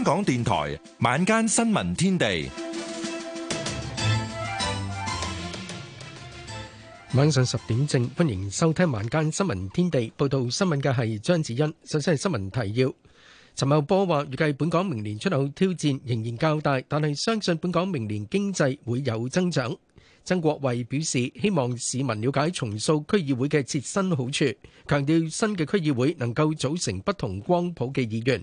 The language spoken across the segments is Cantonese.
香港電台晚間新聞天地，晚上十點正，歡迎收聽晚間新聞天地。報道新聞嘅係張子欣。首先係新聞提要：陳茂波話，預計本港明年出口挑戰仍然較大，但係相信本港明年經濟會有增長。曾國衛表示，希望市民了解重塑區議會嘅切身好處，強調新嘅區議會能夠組成不同光譜嘅議員。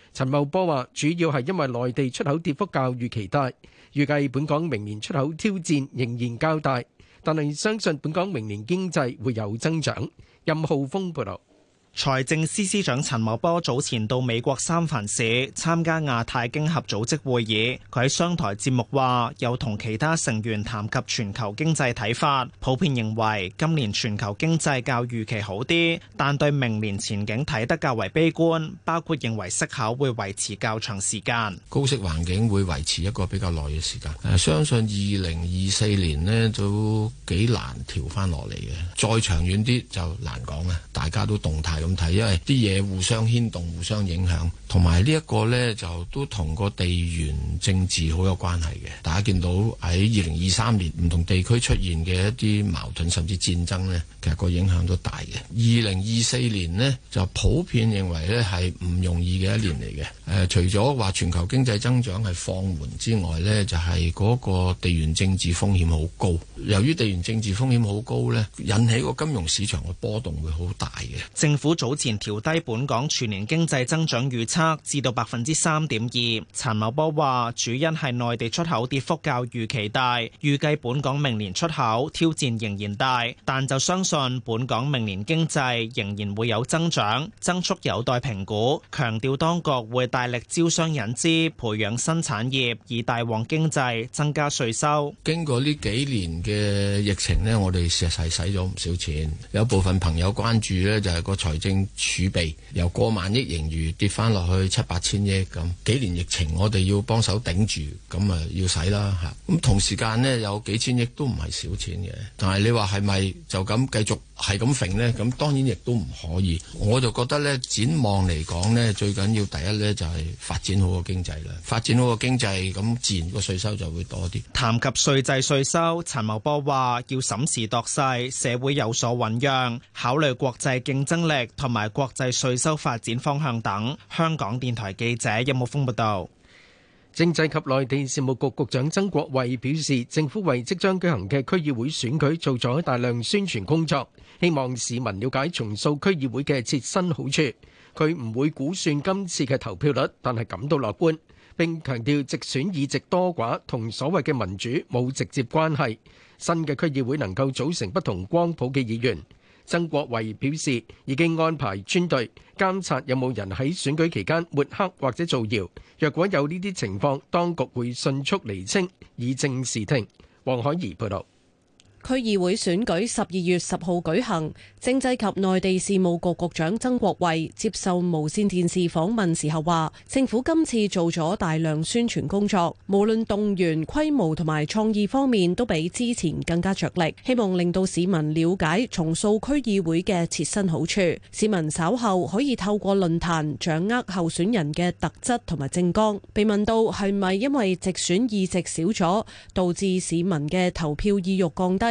陳茂波話：主要係因為內地出口跌幅較預期大，預計本港明年出口挑戰仍然較大，但係相信本港明年經濟會有增長。任浩峰報道。財政司司長陳茂波早前到美國三藩市參加亞太經合組織會議，佢喺商台節目話，有同其他成員談及全球經濟睇法，普遍認為今年全球經濟較預期好啲，但對明年前景睇得較為悲觀，包括認為息口會維持較長時間，高息環境會維持一個比較耐嘅時間，誒，相信二零二四年呢，都幾難調翻落嚟嘅，再長遠啲就難講啦，大家都動態。咁睇，因為啲嘢互相牽動、互相影響，同埋呢一個咧就都同個地緣政治好有關係嘅。大家見到喺二零二三年唔同地區出現嘅一啲矛盾甚至戰爭咧，其實個影響都大嘅。二零二四年咧就普遍認為咧係唔容易嘅一年嚟嘅。誒、呃，除咗話全球經濟增長係放緩之外咧，就係、是、嗰個地緣政治風險好高。由於地緣政治風險好高咧，引起個金融市場嘅波動會好大嘅。政府。早前調低本港全年經濟增長預測至到百分之三點二。陳茂波話：主因係內地出口跌幅較預期大，預計本港明年出口挑戰仍然大，但就相信本港明年經濟仍然會有增長，增速有待評估。強調當局會大力招商引資，培養新產業以大旺經濟，增加稅收。經過呢幾年嘅疫情呢，我哋實係使咗唔少錢。有部分朋友關注呢，就係個財。正儲備由過萬億盈餘跌翻落去七八千億咁，幾年疫情我哋要幫手頂住，咁啊要使啦嚇。咁同時間呢，有幾千億都唔係少錢嘅。但係你話係咪就咁繼續係咁揈呢？咁當然亦都唔可以。我就覺得呢，展望嚟講呢，最緊要第一呢，就係發展好個經濟啦。發展好個經濟咁，自然個稅收就會多啲。談及稅制、稅收，陳茂波話要審時度勢，社會有所醞釀，考慮國際競爭力。同埋國際稅收發展方向等，香港電台記者任木峰報道。政制及內地事務局局長曾國衛表示，政府為即將舉行嘅區議會選舉做咗大量宣傳工作，希望市民了解重塑區議會嘅切身好處。佢唔會估算今次嘅投票率，但係感到樂觀。並強調直選議席多寡同所謂嘅民主冇直接關係。新嘅區議會能夠組成不同光譜嘅議員。曾國衛表示，已經安排專隊監察有冇人喺選舉期間抹黑或者造謠，若果有呢啲情況，當局會迅速釐清，以正視聽。黃海怡報道。區議會選舉十二月十號舉行，政制及內地事務局局長曾國衛接受無綫電視訪問時候話，政府今次做咗大量宣傳工作，無論動員規模同埋創意方面都比之前更加着力，希望令到市民了解重塑區議會嘅切身好處。市民稍後可以透過論壇掌握候選人嘅特質同埋政綱。被問到係咪因為直選議席少咗，導致市民嘅投票意欲降低？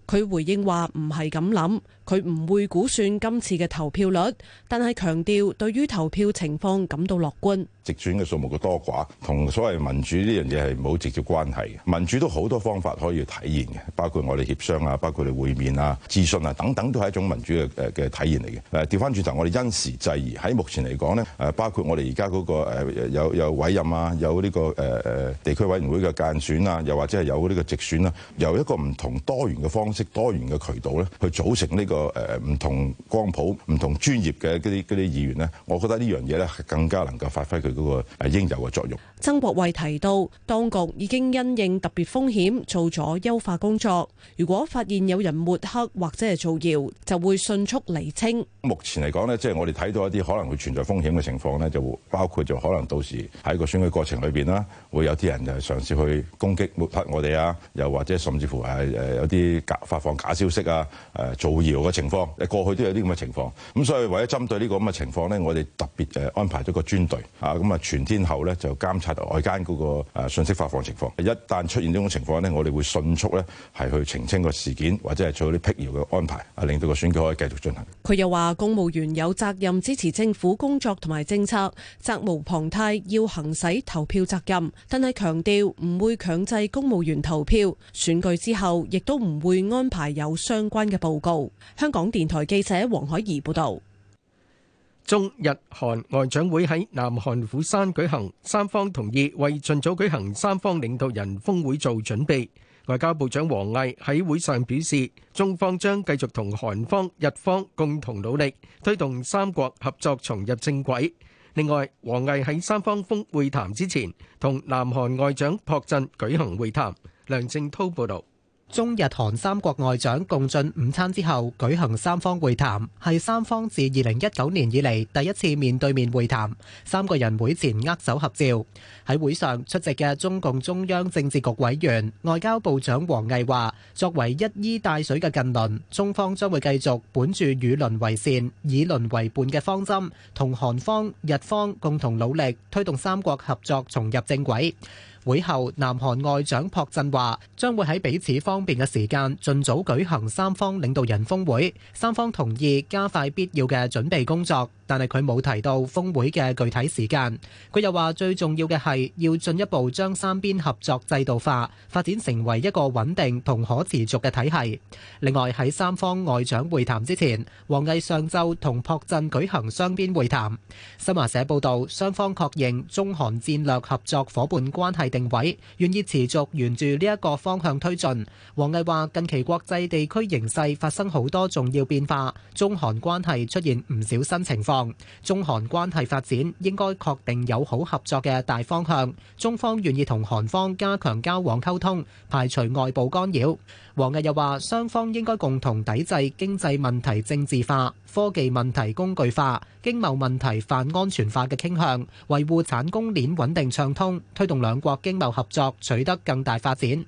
佢回應話唔係咁諗，佢唔會估算今次嘅投票率，但係強調對於投票情況感到樂觀，直選嘅數目嘅多寡，同所謂民主呢樣嘢係冇直接關係嘅。民主都好多方法可以體現嘅，包括我哋協商啊，包括我哋會面啊、諮詢啊等等，都係一種民主嘅誒嘅體現嚟嘅。誒調翻轉頭，我哋因時制宜，喺目前嚟講咧，誒包括我哋而家嗰個誒有有委任啊，有呢個誒誒地區委員會嘅間選啊，又或者係有呢個直選啊，由一個唔同多元嘅方式。多元嘅渠道咧，去組成呢個誒唔同光譜、唔同專業嘅嗰啲嗰啲議員咧，我覺得呢樣嘢咧係更加能夠發揮佢嗰個誒應有嘅作用。曾國衛提到，當局已經因應特別風險做咗優化工作。如果發現有人抹黑或者係造謠，就會迅速厘清。目前嚟講呢，即係我哋睇到一啲可能會存在風險嘅情況呢，就包括就可能到時喺個選舉過程裏面啦，會有啲人就係嘗試去攻擊抹黑我哋啊，又或者甚至乎誒有啲假發放假消息啊，造謠嘅情況。誒過去都有啲咁嘅情況，咁所以為咗針對呢個咁嘅情況呢，我哋特別安排咗個專隊啊，咁啊全天候咧就監察。外間嗰個誒信息發放情況，一旦出現呢種情況呢，我哋會迅速呢係，去澄清個事件，或者係做啲闢謠嘅安排，啊令到個選舉可以繼續進行。佢又話，公務員有責任支持政府工作同埋政策，責無旁貸要行使投票責任，但係強調唔會強制公務員投票，選舉之後亦都唔會安排有相關嘅報告。香港電台記者黃海怡報導。中日韓外長會喺南韓釜山舉行，三方同意為盡早舉行三方領導人峰會做準備。外交部長王毅喺會上表示，中方將繼續同韓方、日方共同努力，推動三國合作重入正軌。另外，王毅喺三方峰會談之前，同南韓外長朴振舉行會談。梁正滔報導。中日韓三國外長共進午餐之後，舉行三方會談，係三方自2019年以來第一次面對面會談，三個人會前握手合照。喺會上出席的中共中央政治局委員，外交部長王毅話，作為一衣帶水的近鄰，中方將會繼續本住與鄰為善，以鄰為伴的方針，同韓方、日方共同努力，推動三國合作重入正軌。會後，南韓外長朴振話，將會喺彼此方便嘅時間，盡早舉行三方領導人峰會。三方同意加快必要嘅準備工作。但係佢冇提到峰會嘅具體時間。佢又話：最重要嘅係要進一步將三邊合作制度化，發展成為一個穩定同可持續嘅體系。另外喺三方外長會談之前，王毅上週同朴振舉行雙邊會談。新華社報導，雙方確認中韓戰略合作伙伴關係定位，願意持續沿住呢一個方向推進。王毅話：近期國際地區形勢發生好多重要變化，中韓關係出現唔少新情況。中韓關係發展應該確定友好合作嘅大方向，中方願意同韓方加強交往溝通，排除外部干擾。王毅又話，雙方應該共同抵制經濟問題政治化、科技問題工具化、經貿問題泛安全化嘅傾向，維護產供鏈穩定暢通，推動兩國經貿合作取得更大發展。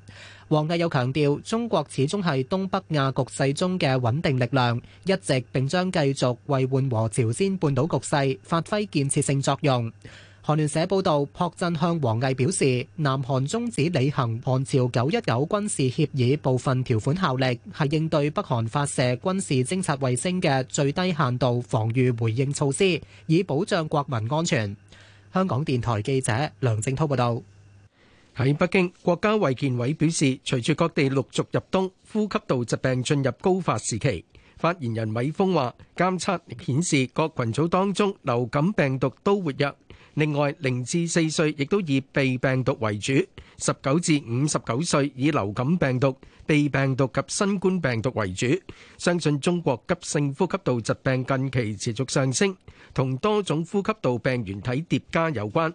王毅又強調，中國始終係東北亞局勢中嘅穩定力量，一直並將繼續為緩和朝鮮半島局勢發揮建設性作用。韓聯社報導，朴振向王毅表示，南韓終止履行韓朝九一九軍事協議部分條款效力，係應對北韓發射軍事偵察衛星嘅最低限度防禦回應措施，以保障國民安全。香港電台記者梁正滔報導。喺北京，國家衛健委表示，隨住各地陸續入冬，呼吸道疾病進入高發時期。發言人米鋒話，監測顯示各群組當中流感病毒都活躍，另外零至四歲亦都以鼻病毒為主，十九至五十九歲以流感病毒、鼻病毒及新冠病毒為主。相信中國急性呼吸道疾病近期持續上升，同多種呼吸道病原體疊加有關。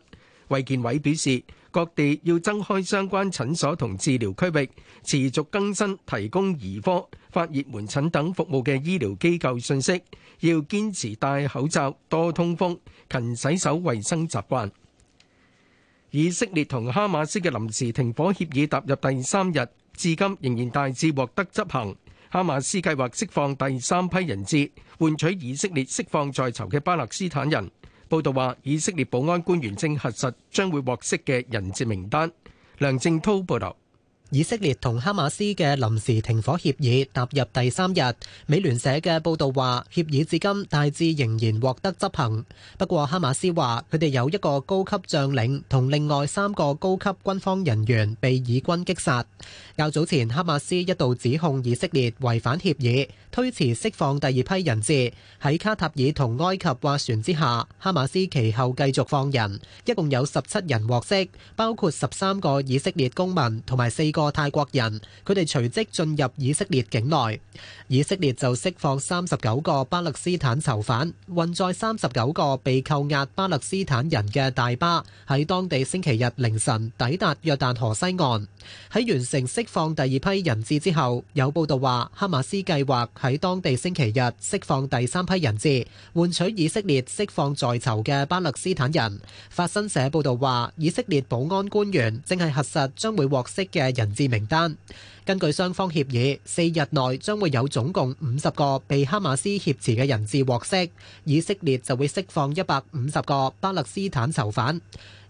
衛健委表示，各地要增開相關診所同治療區域，持續更新提供兒科、發熱門診等服務嘅醫療機構信息。要堅持戴口罩、多通風、勤洗手衛生習慣。以色列同哈馬斯嘅臨時停火協議踏入第三日，至今仍然大致獲得執行。哈馬斯計劃釋放第三批人質，換取以色列釋放在囚嘅巴勒斯坦人。報道話，以色列保安官員正核實將會獲釋嘅人質名單。梁正滔報道。以色列同哈馬斯嘅臨時停火協議踏入第三日，美聯社嘅報導話，協議至今大致仍然獲得執行。不過，哈馬斯話佢哋有一個高級將領同另外三個高級軍方人員被以軍擊殺。較早前，哈馬斯一度指控以色列違反協議，推遲釋放第二批人質。喺卡塔爾同埃及斡旋之下，哈馬斯其後繼續放人，一共有十七人獲釋，包括十三個以色列公民同埋四個泰國人，佢哋隨即進入以色列境內，以色列就釋放三十九個巴勒斯坦囚犯。運載三十九個被扣押巴勒斯坦人嘅大巴喺當地星期日凌晨抵達約旦河西岸。喺完成釋放第二批人質之後，有報道話哈馬斯計劃喺當地星期日釋放第三批人質，換取以色列釋放在囚嘅巴勒斯坦人。法新社報道話，以色列保安官員正係核實將會獲釋嘅人。人質名，名單，根據雙方協議，四日內將會有總共五十個被哈馬斯挾持嘅人質獲釋，以色列就會釋放一百五十個巴勒斯坦囚犯。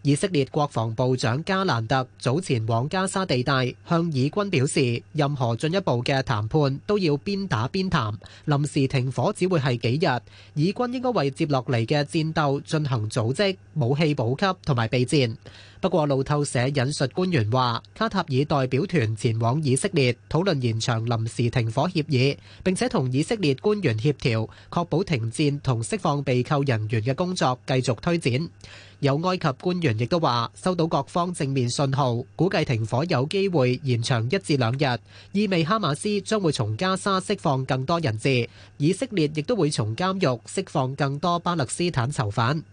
以色列國防部長加蘭特早前往加沙地帶向以軍表示，任何進一步嘅談判都要邊打邊談，臨時停火只會係幾日，以軍應該為接落嚟嘅戰鬥進行組織、武器補給同埋備戰。不過，路透社引述官員話，卡塔爾代表團前往以色列討論延長臨時停火協議，並且同以色列官員協調，確保停戰同釋放被扣人員嘅工作繼續推展。有埃及官員亦都話，收到各方正面信號，估計停火有機會延長一至兩日，意味哈馬斯將會從加沙釋放更多人質，以色列亦都會從監獄釋放更多巴勒斯坦囚犯。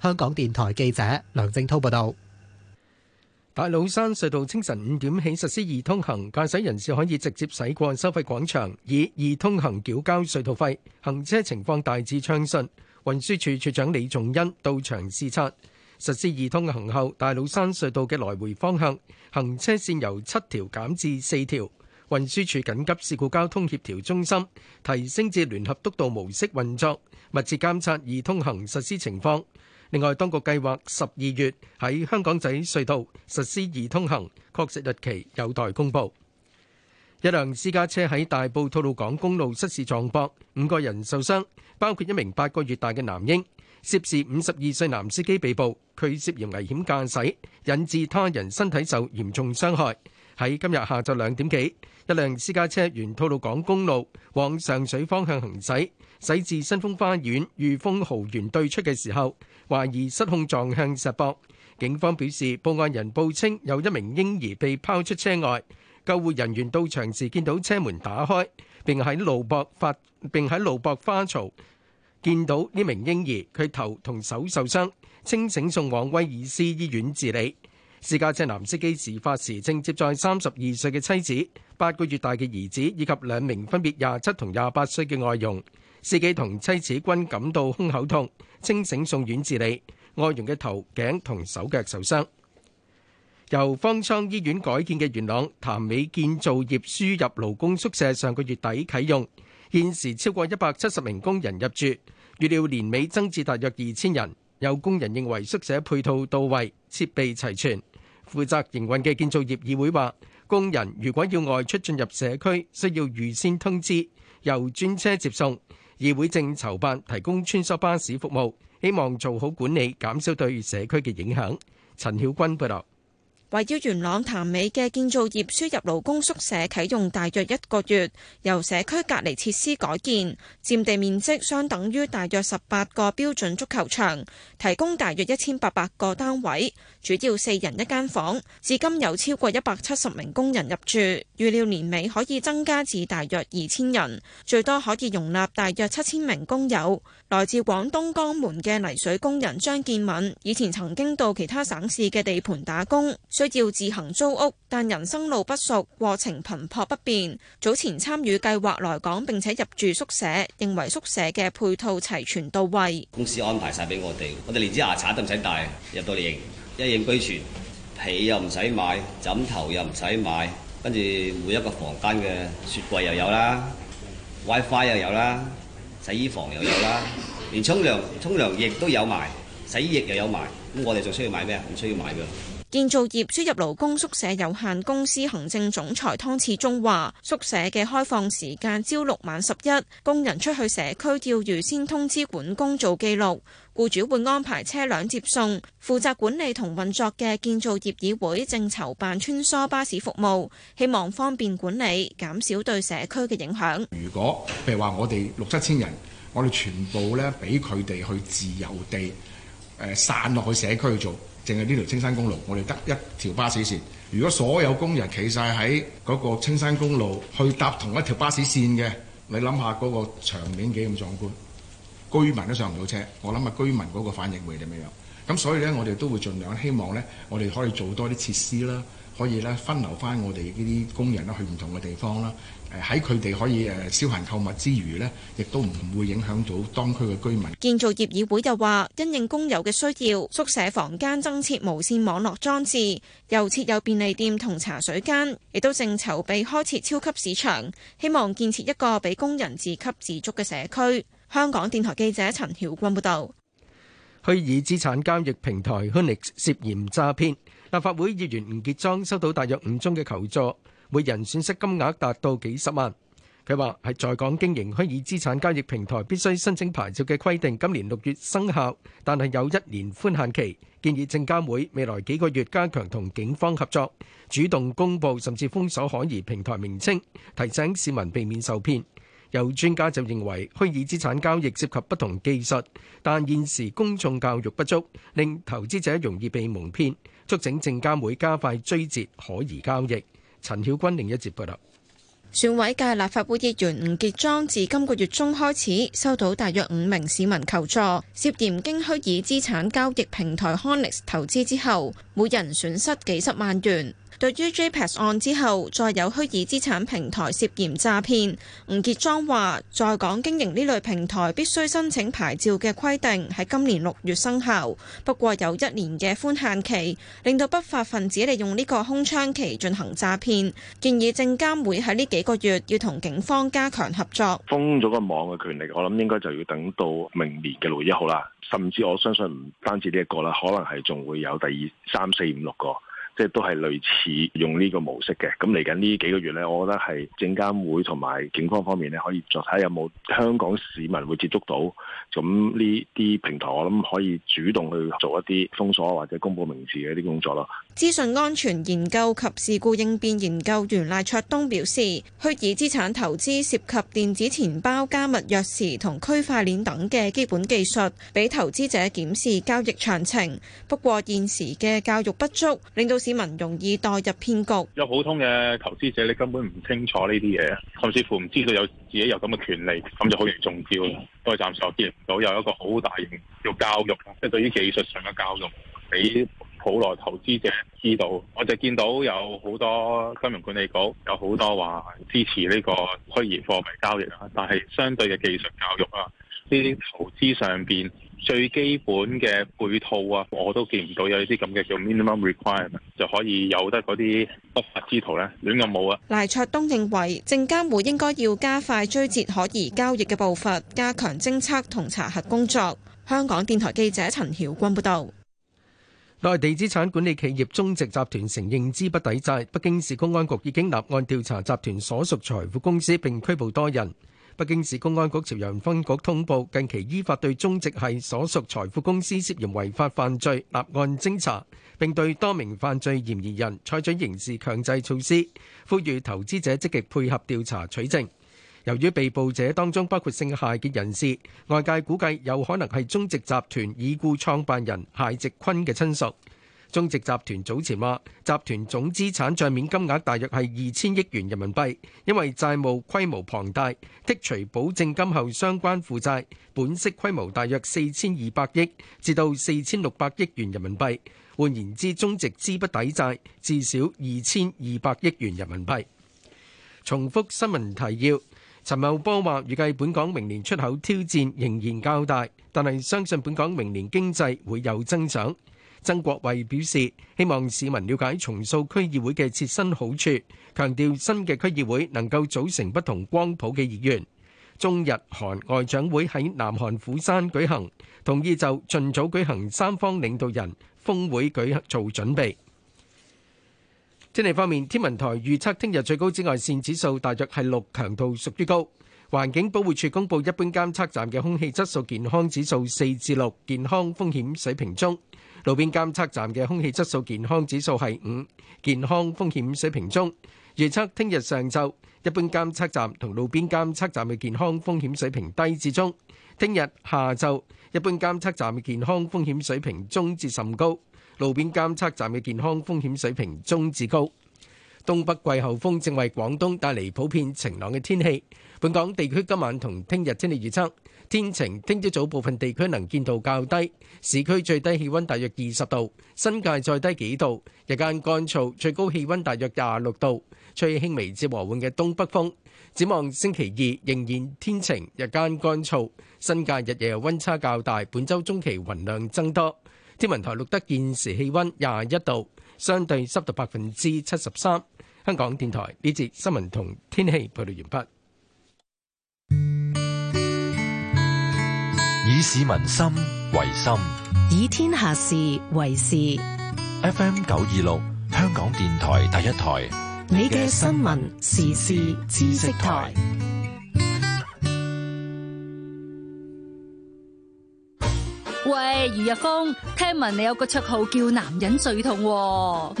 香港電台記者梁正滔報道。大老山隧道清晨五點起實施易通行，駕駛人士可以直接駛過收費廣場，以易通行繳交隧道費。行車情況大致暢順。運輸署署長李仲恩到場視察。實施易通行後，大老山隧道嘅來回方向行車線由七條減至四條。運輸署緊急事故交通協調中心提升至聯合督導模式運作，密切監察易通行實施情況。另外，當局計劃十二月喺香港仔隧道實施易通行，確實日期有待公布。一輛私家車喺大埔吐露港公路失事撞博，五個人受傷，包括一名八個月大嘅男嬰。涉事五十二歲男司機被捕，佢涉嫌危險駕駛，引致他人身體受嚴重傷害。喺今日下晝兩點幾，一輛私家車沿吐露港公路往上水方向行駛，駛至新豐花園御峰豪園對出嘅時候，懷疑失控撞向石壆。警方表示，報案人報稱有一名嬰兒被拋出車外，救護人員到場時見到車門打開，並喺路壆發並喺路壆花槽見到呢名嬰兒，佢頭同手受傷，清醒送往威爾斯醫院治理。私家車男司機事發時正接載三十二歲嘅妻子，八個月大嘅兒子以及兩名分別廿七同廿八歲嘅外傭。司機同妻子均感到胸口痛，清醒送院治理。外傭嘅頭頸同手腳受傷。由方艙醫院改建嘅元朗潭尾建造業輸入勞工宿舍，上個月底啟用，現時超過一百七十名工人入住，預料年尾增至大約二千人。有工人認為宿舍配套到位，設備齊全。負責營運嘅建造業議會話：工人如果要外出進入社區，需要預先通知，由專車接送。議會正籌辦提供穿梭巴士服務，希望做好管理，減少對社區嘅影響。陳曉君報道。位於元朗潭尾嘅建造業輸入勞工宿舍啟用大約一個月，由社區隔離設施改建，佔地面積相等於大約十八個標準足球場，提供大約一千八百個單位，主要四人一間房。至今有超過一百七十名工人入住，預料年尾可以增加至大約二千人，最多可以容納大約七千名工友。來自廣東江門嘅泥水工人張建敏，以前曾經到其他省市嘅地盤打工。需要自行租屋，但人生路不熟，過程頻撲不便。早前參與計劃來港並且入住宿舍，認為宿舍嘅配套齊全到位。公司安排晒俾我哋，我哋連支牙刷都唔使帶，入到嚟營，一應俱全，被又唔使買，枕頭又唔使買，跟住每一個房間嘅雪櫃又有啦，WiFi 又有啦，洗衣房又有啦，連沖涼沖涼液都有埋，洗衣液又有埋，咁我哋仲需要買咩？唔需要買㗎。建造業輸入勞工宿舍有限公司行政總裁湯次中話：，宿舍嘅開放時間朝六晚十一，工人出去社區要預先通知管工做記錄，雇主會安排車輛接送。負責管理同運作嘅建造業議會正籌辦穿梭巴士服務，希望方便管理，減少對社區嘅影響。如果譬如話我哋六七千人，我哋全部呢，俾佢哋去自由地散落去社區去做。淨係呢條青山公路，我哋得一條巴士線。如果所有工人企曬喺嗰個青山公路去搭同一條巴士線嘅，你諗下嗰個場面幾咁壯觀，居民都上唔到車。我諗下居民嗰個反應會會點樣？咁所以咧，我哋都會盡量，希望咧，我哋可以做多啲設施啦，可以咧分流翻我哋呢啲工人啦，去唔同嘅地方啦。誒，喺佢哋可以誒消閒購物之餘咧，亦都唔會影響到當區嘅居民。建造業議會又話，因應工友嘅需要，宿舍房間增設無綫網絡裝置，又設有便利店同茶水間，亦都正籌備開設超級市場，希望建設一個俾工人自給自足嘅社區。香港電台記者陳曉君報道。虛擬資產交易平台 Hounax 涉嫌詐騙，立法會議員吳傑莊收到大約五宗嘅求助，每人損失金額達到幾十萬。佢話係在港經營虛擬資產交易平台必須申請牌照嘅規定今年六月生效，但係有一年寬限期。建議證監會未來幾個月加強同警方合作，主動公布甚至封鎖可疑平台名稱，提醒市民避免受騙。有專家就認為，虛擬資產交易涉及不同技術，但現時公眾教育不足，令投資者容易被蒙騙，促請證監會加快追截可疑交易。陳曉君。另一節報道，選委界立法會議員吳傑莊自今個月中開始收到大約五名市民求助，涉嫌經虛擬資產交易平台 Hounax 投資之後，每人損失幾十萬元。對於 JPEX 案之後再有虛擬資產平台涉嫌詐騙，吳傑莊話：在港經營呢類平台必須申請牌照嘅規定喺今年六月生效，不過有一年嘅寬限期，令到不法分子利用呢個空窗期進行詐騙。建議證監會喺呢幾個月要同警方加強合作。封咗個網嘅權力，我諗應該就要等到明年嘅六月一號啦。甚至我相信唔單止呢、這、一個啦，可能係仲會有第二、三四五六個。即係都係類似用呢個模式嘅，咁嚟緊呢幾個月咧，我覺得係證監會同埋警方方面咧，可以作睇下有冇香港市民會接觸到咁呢啲平台，我諗可以主動去做一啲封鎖或者公布名字嘅一啲工作咯。資訊安全研究及事故應變研究員賴卓東表示，虛擬資產投資涉及電子錢包加密鑰匙同區塊鏈等嘅基本技術俾投資者檢視交易詳情。不過現時嘅教育不足，令到市民容易代入騙局。有普通嘅投資者，你根本唔清楚呢啲嘢，甚至乎唔知道有自己有咁嘅權利，咁就好容易中招啦。都係暫時見唔到有一個好大型嘅教育，即係對於技術上嘅教育，俾普羅投資者知道。我就見到有好多金融管理局有好多話支持呢個虛擬貨幣交易啊，但係相對嘅技術教育啊，呢啲投資上面。最基本嘅配套啊，我都見唔到有呢啲咁嘅叫 minimum requirement 就可以有得嗰啲不法之徒咧，亂咁冇啊！賴卓東認為證監會應該要加快追截可疑交易嘅步伐，加強偵測同查核工作。香港電台記者陳曉君報道，內地資產管理企業中植集團承認資不抵債，北京市公安局已經立案調查集團所屬財富公司並拘捕多人。北京市公安局朝陽分局通報，近期依法對中植系所屬財富公司涉嫌違法犯罪立案偵查，並對多名犯罪嫌疑人採取刑事強制措施，呼籲投資者積極配合調查取證。由於被捕者當中包括姓夏嘅人士，外界估計有可能係中植集團已故創辦人夏直坤嘅親屬。中植集團早前話，集團總資產帳面金額大約係二千億元人民幣，因為債務規模龐大，剔除保證金後相關負債本息規模大約四千二百億至到四千六百億元人民幣。換言之，中植資不抵債至少二千二百億元人民幣。重複新聞提要，陳茂波話：預計本港明年出口挑戰仍然較大，但係相信本港明年經濟會有增長。曾國衛表示，希望市民了解重塑區議會嘅切身好處，強調新嘅區議會能夠組成不同光譜嘅議員。中日韓外長會喺南韓釜山舉行，同意就盡早舉行三方領導人峰會舉行做準備。天氣方面，天文台預測聽日最高紫外線指數大約係六，強度屬於高。環境保護署公布一般監測站嘅空氣質素健康指數四至六，健康風險水平中。路邊監測站嘅空氣質素健康指數係五，健康風險水平中。預測聽日上晝，一般監測站同路邊監測站嘅健康風險水平低至中；聽日下晝，一般監測站嘅健康風險水平中至甚高，路邊監測站嘅健康風險水平中至高。東北季候風正為廣東帶嚟普遍晴朗嘅天氣。本港地區今晚同聽日天氣預測。天晴，聽朝早部分地區能見度較低，市區最低氣温大約二十度，新界再低幾度。日間乾燥，最高氣温大約廿六度，吹輕微至和緩嘅東北風。展望星期二仍然天晴，日間乾燥，新界日夜温差較大。本週中期雲量增多。天文台錄得現時氣温廿一度，相對濕度百分之七十三。香港電台呢節新聞同天氣報道完畢。市民心為心，以天下事為事。FM 九二六，香港電台第一台，你嘅新聞時事知識台。喂，余日峰，聽聞你有個綽號叫“男人最痛”？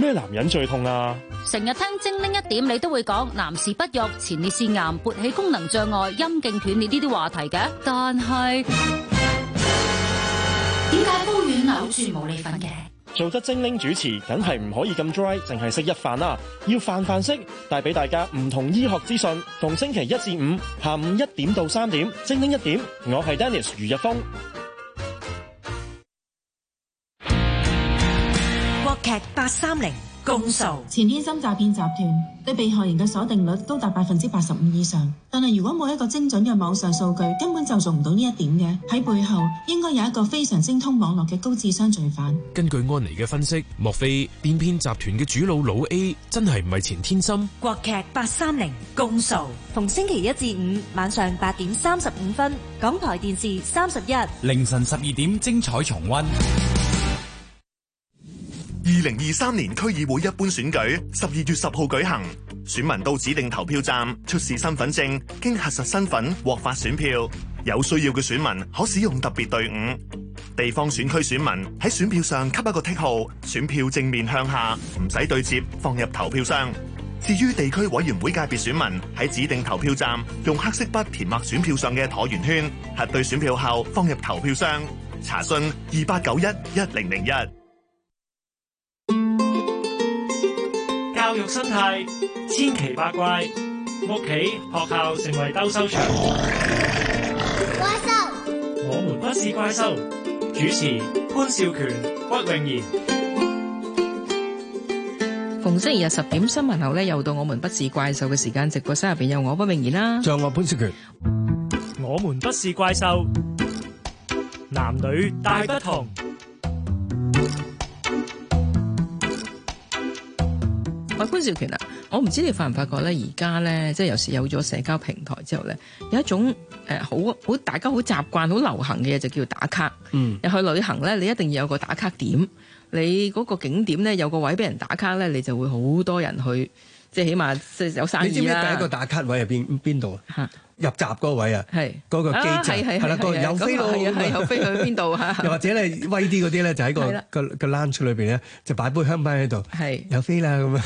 咩男人最痛啊？成日聽精靈一點，你都會講男士不育、前列腺癌、勃起功能障礙、陰莖斷裂呢啲話題嘅？但係。冇你份嘅，做得精靈主持，梗係唔可以咁 dry，淨係識一飯啦，要飯飯識，帶俾大家唔同醫學資訊。逢星期一至五下午一點到三點，精靈一點，我係 Dennis 余日峰。國劇八三零。公訴，供前天心詐騙集團對被害人嘅鎖定率高達百分之八十五以上，但係如果冇一個精準嘅網上數據，根本就做唔到呢一點嘅。喺背後應該有一個非常精通網絡嘅高智商罪犯。根據安妮嘅分析，莫非電騙集團嘅主腦老 A 真係唔係前天心？國劇八三零公訴，逢星期一至五晚上八點三十五分，港台電視三十一，凌晨十二點精彩重溫。二零二三年區議會一般選舉十二月十號舉行，選民到指定投票站出示身份證，經核實身份獲發選票。有需要嘅選民可使用特別隊伍。地方選區選民喺選票上蓋一個剔號，選票正面向下，唔使對摺，放入投票箱。至於地區委員會界別選民喺指定投票站用黑色筆填墨選票上嘅橢圓圈，核對選票後放入投票箱。查詢二八九一一零零一。教育生態千奇百怪，屋企、學校成為兜收場。怪獸，我們不是怪獸。主持潘少權、屈穎妍。逢星期日十點新聞後咧，又到我們不是怪獸嘅時間。直播室入邊有我屈穎妍啦。在下潘少權。我們不是怪獸，男女大不同。喂，潘兆權啊，我唔知你發唔發覺咧，而家咧，即係有時有咗社交平台之後咧，有一種誒好好大家好習慣、好流行嘅嘢就叫打卡。嗯，入去旅行咧，你一定要有個打卡點，你嗰個景點咧，有個位俾人打卡咧，你就會好多人去，即係起碼即係有生意啊。你知唔知第一個打卡位係邊邊度啊？入閘嗰位啊，係嗰個機制係啦，個有飛到有飛去邊度啊？又或者咧威啲嗰啲咧，就喺個個個 lunch 裏邊咧，就擺杯香檳喺度，係有飛啦咁樣。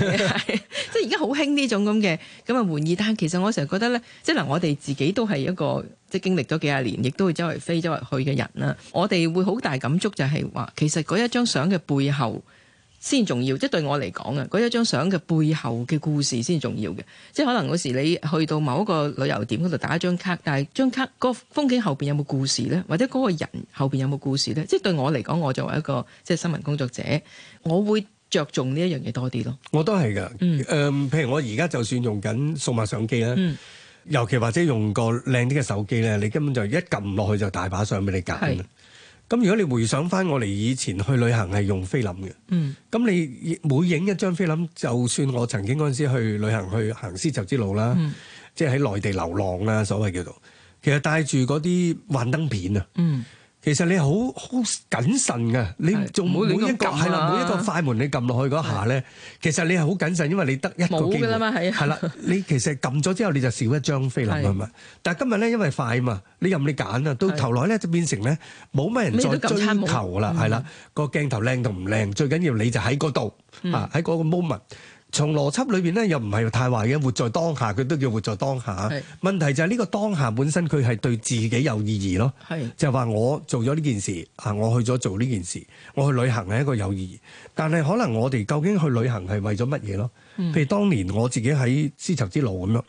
即係而家好興呢種咁嘅咁嘅玩意，但其實我成日覺得咧，即係嗱，我哋自己都係一個即係經歷咗幾廿年，亦都會周圍飛周圍去嘅人啦。我哋會好大感觸就係話，其實嗰一張相嘅背後先重要，即係對我嚟講啊，嗰一張相嘅背後嘅故事先重要嘅。即係可能嗰時你去到某一個旅遊點嗰度打一張卡，但係張卡、嗰個風景後面有冇故事咧？或者嗰個人後面有冇故事咧？即係對我嚟講，我作為一個即係新聞工作者，我會着重呢一樣嘢多啲咯。我都係噶，誒，譬如我而家就算用緊數碼相機啦，嗯、尤其或者用個靚啲嘅手機咧，你根本就一撳落去就大把相俾你揀。咁如果你回想翻我哋以前去旅行係用菲林嘅，咁、嗯、你每影一張菲林，就算我曾經嗰陣時去旅行去行絲綢之路啦，嗯、即係喺內地流浪啦，所謂叫做，其實帶住嗰啲幻燈片啊。嗯其實你好好謹慎嘅，你仲每一個係啦、啊，每一個快門你撳落去嗰下咧，是的 其實你係好謹慎，因為你得一個機會。冇嘅啦嘛，係啊的啦，你其實撳咗之後你就少一張菲林啦嘛。但係今日咧，因為快嘛，你任你揀啊，到頭來咧就變成咧冇乜人再追求啦，係啦。個鏡頭靚同唔靚，最緊要你就喺嗰度啊，喺嗰個 moment。從邏輯裏邊咧，又唔係太壞嘅，活在當下，佢都叫活在當下。是問題就係呢個當下本身，佢係對自己有意義咯。係是，就話我做咗呢件事，啊，我去咗做呢件事，我去旅行係一個有意義。但係可能我哋究竟去旅行係為咗乜嘢咯？譬如當年我自己喺絲綢之路咁樣。